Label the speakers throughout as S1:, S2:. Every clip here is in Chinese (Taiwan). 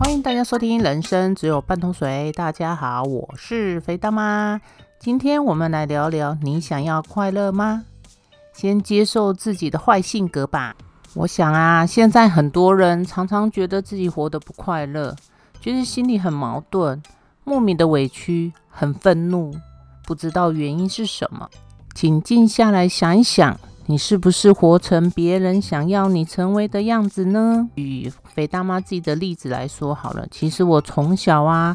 S1: 歡迎大家收聽《人生只有半桶水》。大家好，我是肥大媽。今天我們來聊聊，你想要快樂嗎？先接受自己的壞性格吧。我想啊，現在很多人常常覺得自己活得不快樂，覺得心裡很矛盾，莫名的委屈，很憤怒，不知道原因是什麼。請靜下來想一想。你是不是活成別人想要你成為的樣子呢？與肥大媽自己的例子來說好了，其實我從小啊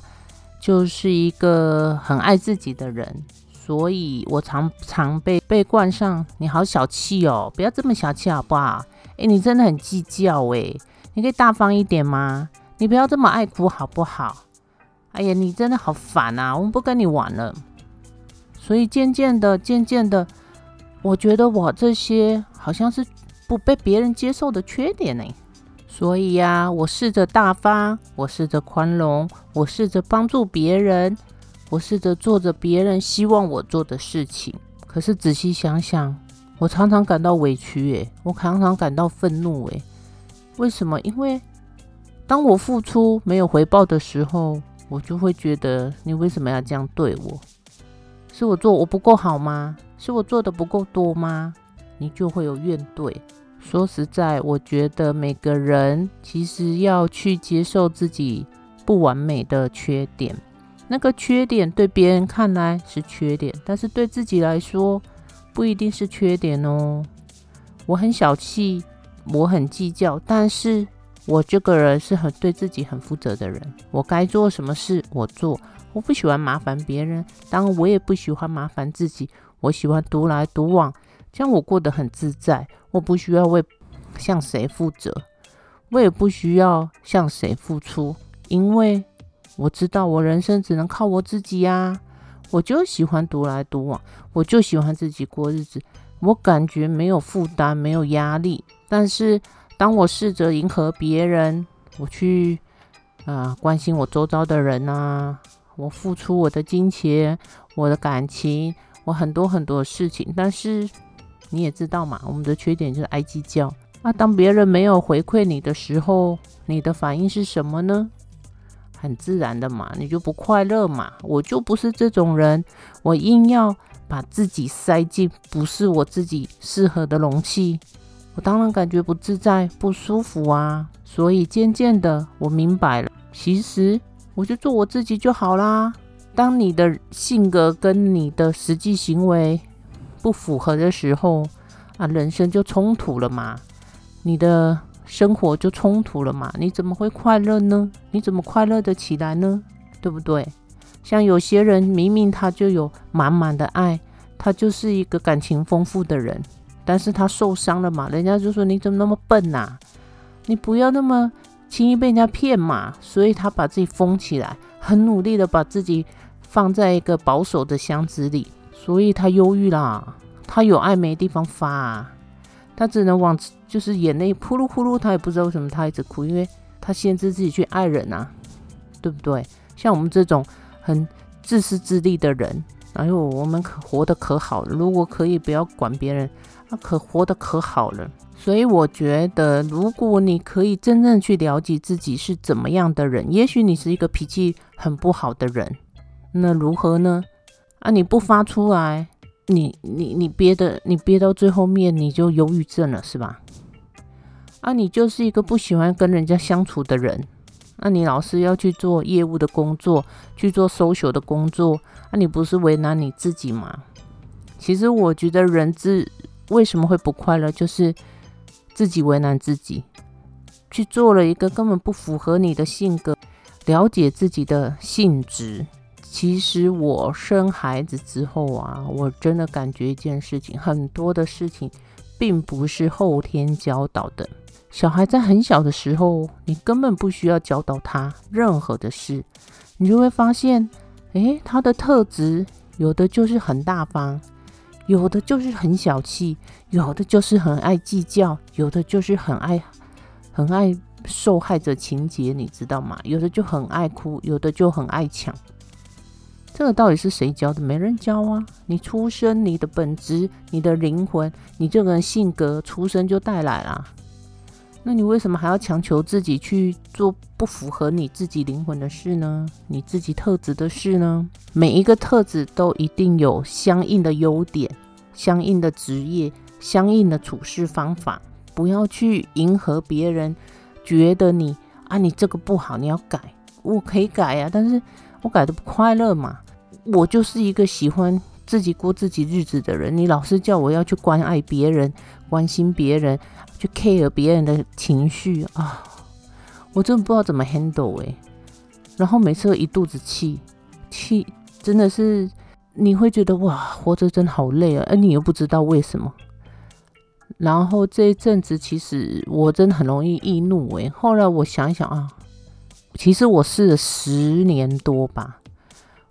S1: 就是一個很愛自己的人，所以我常常被被冠上“你好小氣哦，不要這麼小氣好不好？”哎，你真的很計較哎，你可以大方一點嗎？你不要這麼愛哭好不好？哎呀，你真的好煩啊，我們不跟你玩了。所以漸漸的，漸漸的。我覺得我這些好像是不被別人接受的缺點呢，所以呀、啊，我試着大方，我試着寬容，我試着幫助別人，我試着做着別人希望我做的事情。可是仔細想想，我常常感到委屈誒，我常常感到憤怒誒。為什麼？因為當我付出沒有回報的時候，我就會覺得你為什麼要這樣對我？是我做我不夠好嗎？是我做的不夠多嗎？你就會有怨懟。說實在，我覺得每個人其實要去接受自己不完美的缺點。那個缺點對別人看來是缺點，但是對自己來說不一定是缺點哦。我很小氣，我很計較，但是我這個人是很對自己很負責的人。我該做什麼事我做，我不喜歡麻煩別人，當然我也不喜歡麻煩自己。我喜歡獨來獨往，這樣我過得很自在。我不需要為向誰負責，我也不需要向誰付出，因為我知道我人生只能靠我自己呀。我就喜歡獨來獨往，我就喜歡自己過日子，我感覺沒有負擔，沒有壓力。但是，當我試着迎合別人，我去啊關心我周遭的人吶，我付出我的金錢，我的感情。我很多很多事情，但是你也知道嘛，我們的缺點就是愛計較。那、啊，當別人沒有回饋你的時候，你的反應是什麼呢？很自然的嘛，你就不快樂嘛。我就不是這種人，我硬要把自己塞進不是我自己適合的容器，我當然感覺不自在、不舒服啊。所以漸漸的，我明白了，其實我就做我自己就好啦。當你的性格跟你的實際行為不符合的時候，啊，人生就衝突了嘛，你的生活就衝突了嘛，你怎麼會快樂呢？你怎麼快樂得起來呢？對不對？像有些人，明明他就有滿滿的愛，他就是一個感情豐富的人，但是他受傷了嘛，人家就說你怎麼那麼笨吶、啊？你不要那麼輕易被人家騙嘛，所以他把自己封起來，很努力地把自己。放在一個保守的箱子裡，所以他憂鬱啦。他有愛沒地方發、啊,他只能往就是眼淚呼嚕呼嚕。他也不知道為什麼他一直哭，因為他限制自己去愛人啊，對不對？像我們這種很自私自利的人，然後我們可活得可好了。如果可以不要管別人，那可活得可好了。所以我覺得，如果你可以真正去了解自己是怎麼樣的人，也許你是一個脾氣很不好的人。那如何呢？啊，你不發出來，你你你憋的，你憋到最後面，你就憂鬱症了，是吧？啊，你就是一個不喜歡跟人家相處的人，那、啊、你老是要去做業務的工作，去做 social 的工作，那、啊、你不是為難你自己嗎？其實我覺得人自為什麼會不快樂，就是自己為難自己，去做了一個根本不符合你的性格，了解自己的性質。其實我生孩子之後啊，我真的感覺一件事情，很多的事情並不是後天教導的。小孩在很小的時候，你根本不需要教導他任何的事，你就會發現，哎，他的特質，有的就是很大方，有的就是很小氣，有的就是很愛計較，有的就是很愛，很愛受害者情結，你知道嗎？有的就很愛哭，有的就很愛搶。這個到底是誰教的？沒人教啊！你出生，你的本質，你的靈魂，你這個人性格，出生就帶來啦。那你為什麼還要強求自己去做不符合你自己靈魂的事呢？你自己特質的事呢？每一個特質都一定有相應的優點、相應的職業、相應的處事方法。不要去迎合別人，覺得你啊，你這個不好，你要改，我可以改呀，但是我改的不快樂嘛。我就是一個喜歡自己過自己日子的人，你老是叫我要去關愛別人、關心別人、去 care 別人的情緒啊，我真的不知道怎麼 handle 哎、欸，然後每次一肚子氣，氣真的是你會覺得哇，活着真好累啊，而你又不知道為什麼。然後這一陣子其實我真的很容易易怒誒、欸，後來我想一想啊，其實我試了十年多吧。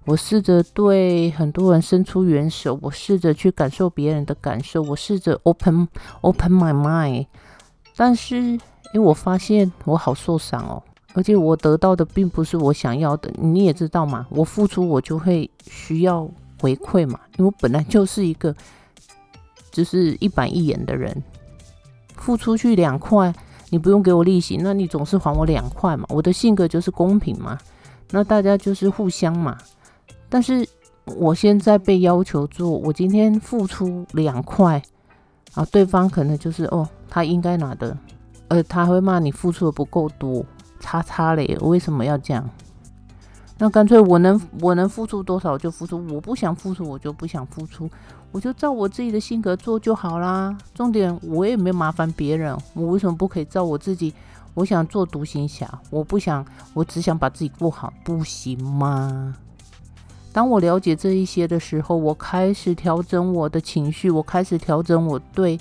S1: 我試着對很多人伸出援手，我試着去感受別人的感受，我試着 open open my mind。但是，因為我發現我好受傷哦，而且我得到的並不是我想要的。你也知道嘛，我付出我就會需要回饋嘛，因為我本來就是一個就是一板一眼的人。付出去兩塊，你不用給我利息，那你總是還我兩塊嘛。我的性格就是公平嘛，那大家就是互相嘛。但是我現在被要求做，我今天付出兩塊啊，對方可能就是哦，他應該拿的，呃，他會罵你付出的不夠多，叉叉嘞，我為什麼要這樣？那乾脆我能我能付出多少就付出，我不想付出我就不想付出，我就照我自己的性格做就好啦。重點我也沒麻煩別人，我為什麼不可以照我自己？我想做獨行俠，我不想，我只想把自己過好，不行嗎？當我了解這一些的時候，我開始調整我的情緒，我開始調整我對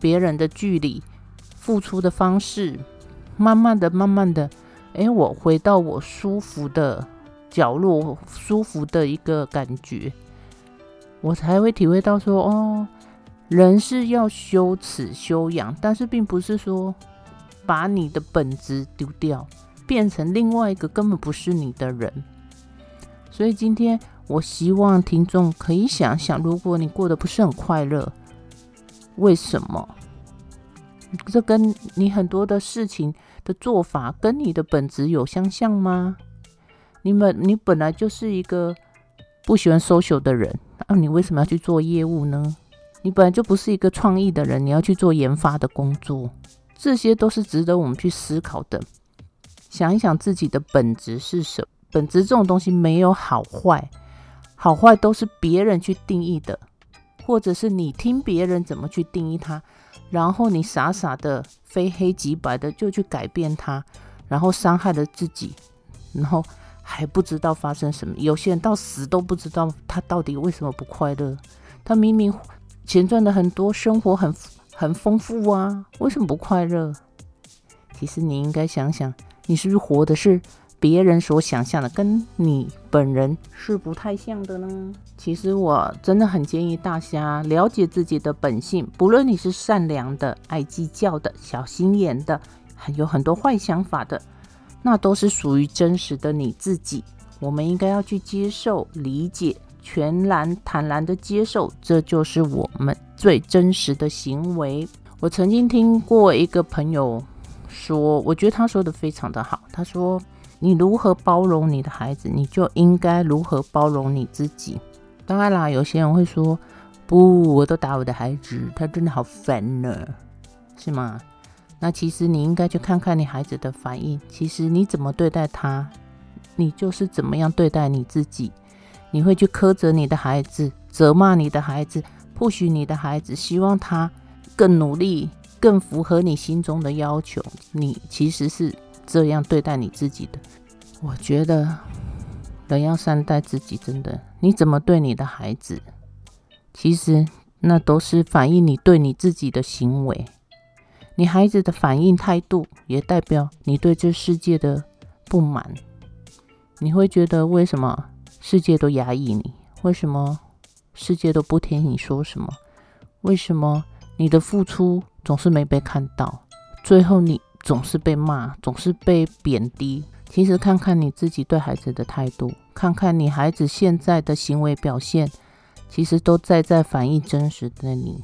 S1: 別人的距離、付出的方式，慢慢的、慢慢的，誒、欸，我回到我舒服的角落，舒服的一個感覺，我才會體會到說，哦，人是要修持修養，但是並不是說把你的本質丟掉，變成另外一個根本不是你的人，所以今天。我希望聽眾可以想想：如果你過得不是很快樂，為什麼？這跟你很多的事情的做法跟你的本質有相像嗎？你們，你本來就是一個不喜歡 social 的人，那你為什麼要去做業務呢？你本來就不是一個創意的人，你要去做研發的工作，這些都是值得我們去思考的。想一想自己的本質是什麼？本質這種東西沒有好壞。好壞都是別人去定義的，或者是你聽別人怎麼去定義它，然後你傻傻的非黑即白的就去改變它，然後傷害了自己，然後還不知道發生什麼。有些人到死都不知道他到底為什麼不快樂，他明明錢賺的很多，生活很很豐富啊，為什麼不快樂？其實你應該想想，你是不是活的是？別人所想象的跟你本人是不太像的呢。其實我真的很建議大家了解自己的本性，不論你是善良的、愛計較的、小心眼的，還有很多壞想法的，那都是屬於真實的你自己。我們應該要去接受、理解、全然坦然地接受，這就是我們最真實的行為。我曾經聽過一個朋友說，我覺得他說得非常的好，他說，你如何包容你的孩子，你就應該如何包容你自己。當然啦，有些人會說：“不，我都打我的孩子，他真的好煩了，是嗎？”那其實你應該去看看你孩子的反應。其實你怎麼對待他，你就是怎麼樣對待你自己。你會去苛責你的孩子，責罵你的孩子，push 你的孩子，希望他更努力，更符合你心中的要求。你其實是。這樣對待你自己的，我覺得人要善待自己。真的，你怎麼對你的孩子？其實那都是反映你對你自己的行為。你孩子的反應態度，也代表你對這世界的不滿。你會覺得為什麼世界都壓抑你？為什麼世界都不聽你說什麼？為什麼你的付出總是沒被看到？最後你。總是被罵，總是被貶低。其實看看你自己對孩子的態度，看看你孩子現在的行為表現，其實都在在反映真實的你。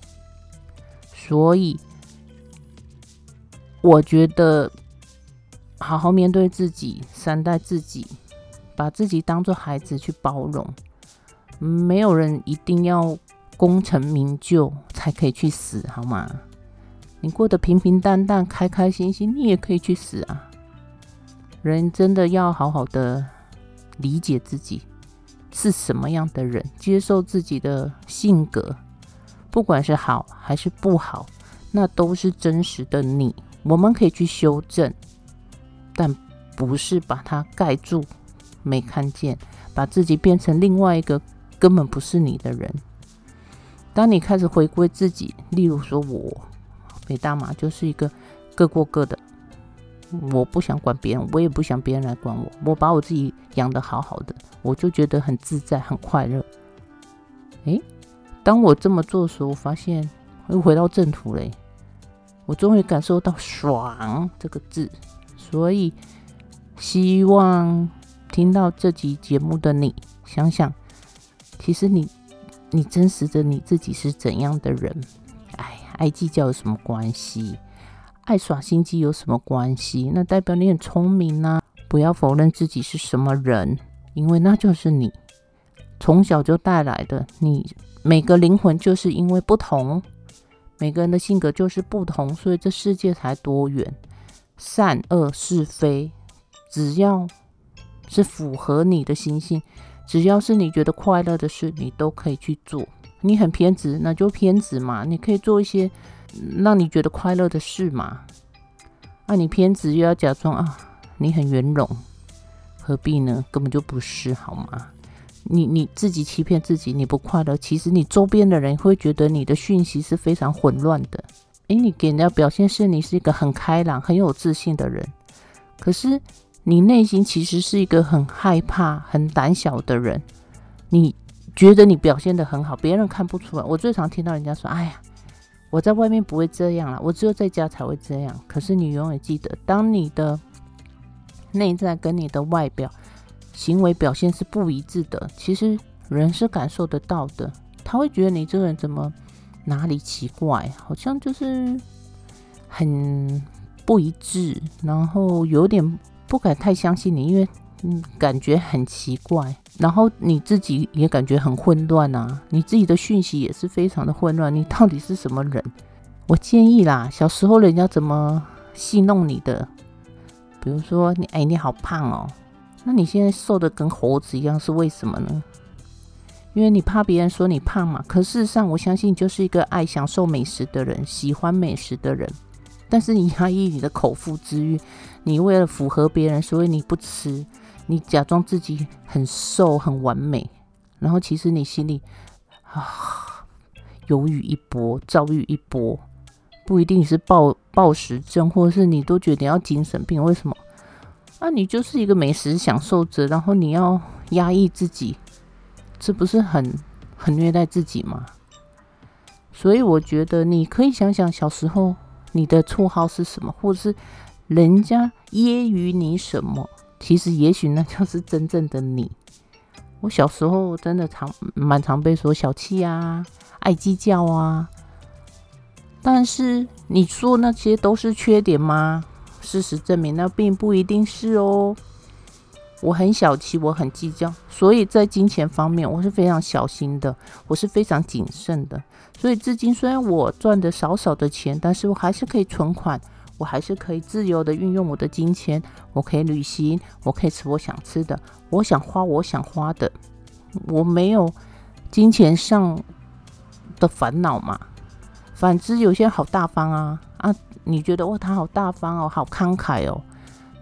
S1: 所以，我覺得好好面對自己，善待自己，把自己當做孩子去包容。沒有人一定要功成名就才可以去死，好嗎？你過得平平淡淡、開開心心，你也可以去死啊！人真的要好好的理解自己是什麼樣的人，接受自己的性格，不管是好還是不好，那都是真實的你。我們可以去修正，但不是把它蓋住、沒看見，把自己變成另外一個根本不是你的人。當你開始回歸自己，例如說我。北大嘛，就是一個各過各的。我不想管別人，我也不想別人來管我。我把我自己養得好好的，我就覺得很自在，很快樂。誒，當我這麼做的時候，我發現又回到正途了。我終於感受到“爽”這個字。所以，希望聽到這集節目的你，想想，其實你，你真實的你自己是怎樣的人？愛計較有什麼關係？愛耍心機有什麼關係？那代表你很聰明吶、啊，不要否認自己是什麼人，因為那就是你。從小就帶來的，你每個靈魂就是因為不同，每個人的性格就是不同，所以這世界才多元。善惡是非，只要是符合你的心性，只要是你覺得快樂的事，你都可以去做。你很偏執，那就偏執嘛。你可以做一些讓你覺得快樂的事嘛。啊，你偏執又要假裝啊，你很圓融，何必呢？根本就不是好嗎？你你自己欺騙自己，你不快樂。其實你周邊的人會覺得你的訊息是非常混亂的。誒，你給人家表現是你是一個很開朗、很有自信的人，可是你內心其實是一個很害怕、很膽小的人。你。覺得你表現得很好，別人看不出來。我最常聽到人家說：“哎呀，我在外面不會這樣了，我只有在家才會這樣。”可是你永遠記得，當你的內在跟你的外表行為表現是不一致的，其實人是感受得到的。他會覺得你這個人怎麼哪裡奇怪，好像就是很不一致，然後有點不敢太相信你，因為。嗯，感覺很奇怪，然後你自己也感覺很混亂啊，你自己的訊息也是非常的混亂。你到底是什麼人？我建議啦，小時候人家怎麼戲弄你的？比如說，你哎你好胖哦，那你現在瘦得跟猴子一樣是為什麼呢？因為你怕別人說你胖嘛。可事實上，我相信你就是一個愛享受美食的人，喜歡美食的人。但是你壓抑你的口腹之欲，你為了符合別人，所以你不吃。你假裝自己很瘦很完美，然後其實你心裡啊憂鬱一波，躁鬱一波，不一定是暴暴食症，或者是你都覺得要精神病，為什麼？那、啊、你就是一個美食享受者，然後你要壓抑自己，這不是很很虐待自己嗎？所以我覺得你可以想想小時候你的綽號是什麼，或者是人家揶揄你什麼。其實，也許那就是真正的你。我小時候真的常蠻常被說小氣啊，愛計較啊。但是你說那些都是缺點嗎？事實證明，那並不一定是哦。我很小氣，我很計較，所以在金錢方面我是非常小心的，我是非常謹慎的。所以至今，雖然我賺的少少的錢，但是我還是可以存款。我還是可以自由的運用我的金錢，我可以旅行，我可以吃我想吃的，我想花我想花的，我沒有金錢上的煩惱嘛。反之，有些人好大方啊啊，你覺得哇，他好大方哦，好慷慨哦。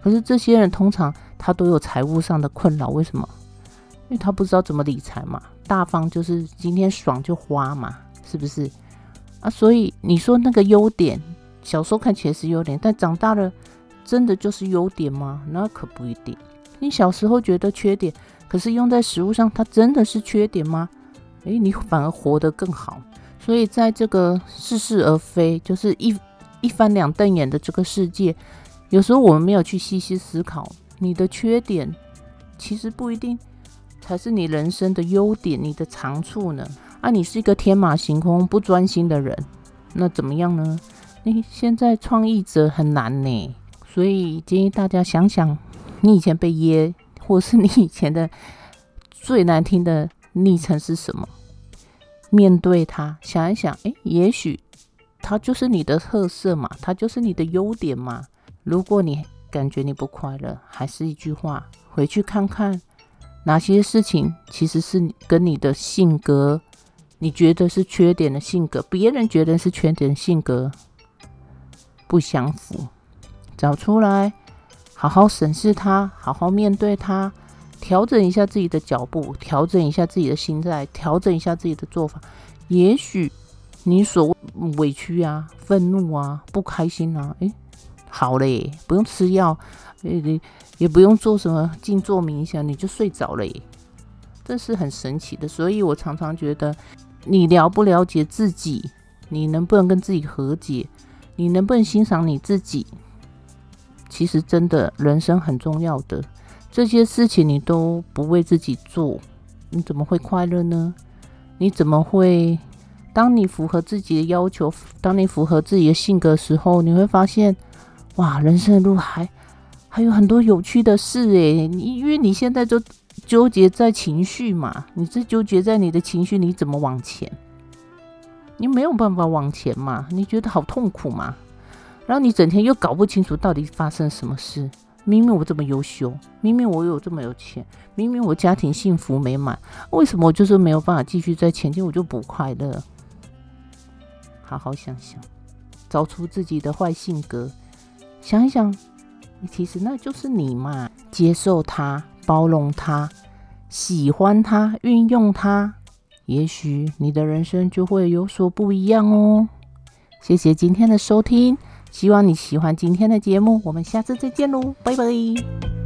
S1: 可是這些人通常他都有財務上的困擾，為什麼？因為他不知道怎麼理財嘛。大方就是今天爽就花嘛，是不是？啊，所以你說那個優點。小時候看起來是優點，但長大了真的就是優點嗎？那可不一定。你小時候覺得缺點，可是用在食物上，它真的是缺點嗎？誒，你反而活得更好。所以，在這個似是而非、就是一一翻兩瞪眼的這個世界，有時候我們沒有去細細思考，你的缺點其實不一定才是你人生的優點，你的長處呢？啊，你是一個天馬行空、不專心的人，那怎麼樣呢？現在創意者很難呢，所以建議大家想想，你以前被噎，或是你以前的最難聽的昵稱是什麼？面對它，想一想，欸，也許它就是你的特色嘛，它就是你的優點嘛。如果你感覺你不快樂，還是一句話，回去看看哪些事情其實是跟你的性格，你覺得是缺點的性格，別人覺得是缺點的性格。不相符，找出來，好好審視它，好好面對它，調整一下自己的腳步，調整一下自己的心態，調整一下自己的做法。也許你所謂委屈啊、憤怒啊、不開心啊，誒，好嘞，不用吃藥，也也不用做什麼靜坐冥想，你就睡着了，這是很神奇的。所以我常常覺得，你了不了解自己，你能不能跟自己和解？你能不能欣賞你自己？其實真的人生很重要的這些事情，你都不為自己做，你怎麼會快樂呢？你怎麼會？當你符合自己的要求，當你符合自己的性格的時候，你會發現，哇，人生的路還還有很多有趣的事誒，你因為你現在就糾結在情緒嘛，你是糾結在你的情緒，你怎麼往前？你沒有辦法往前嘛，你覺得好痛苦嘛，然後你整天又搞不清楚到底發生什麼事。明明我這麼優秀，明明我有這麼有錢，明明我家庭幸福美滿，為什麼我就是沒有辦法繼續在前進？我就不快樂。好好想想，找出自己的壞性格，想一想，其實那就是你嘛。接受它，包容它，喜歡它，運用它。也許你的人生就會有所不一樣哦。謝謝今天的收聽，希望你喜歡今天的節目。我們下次再見嘍，拜拜。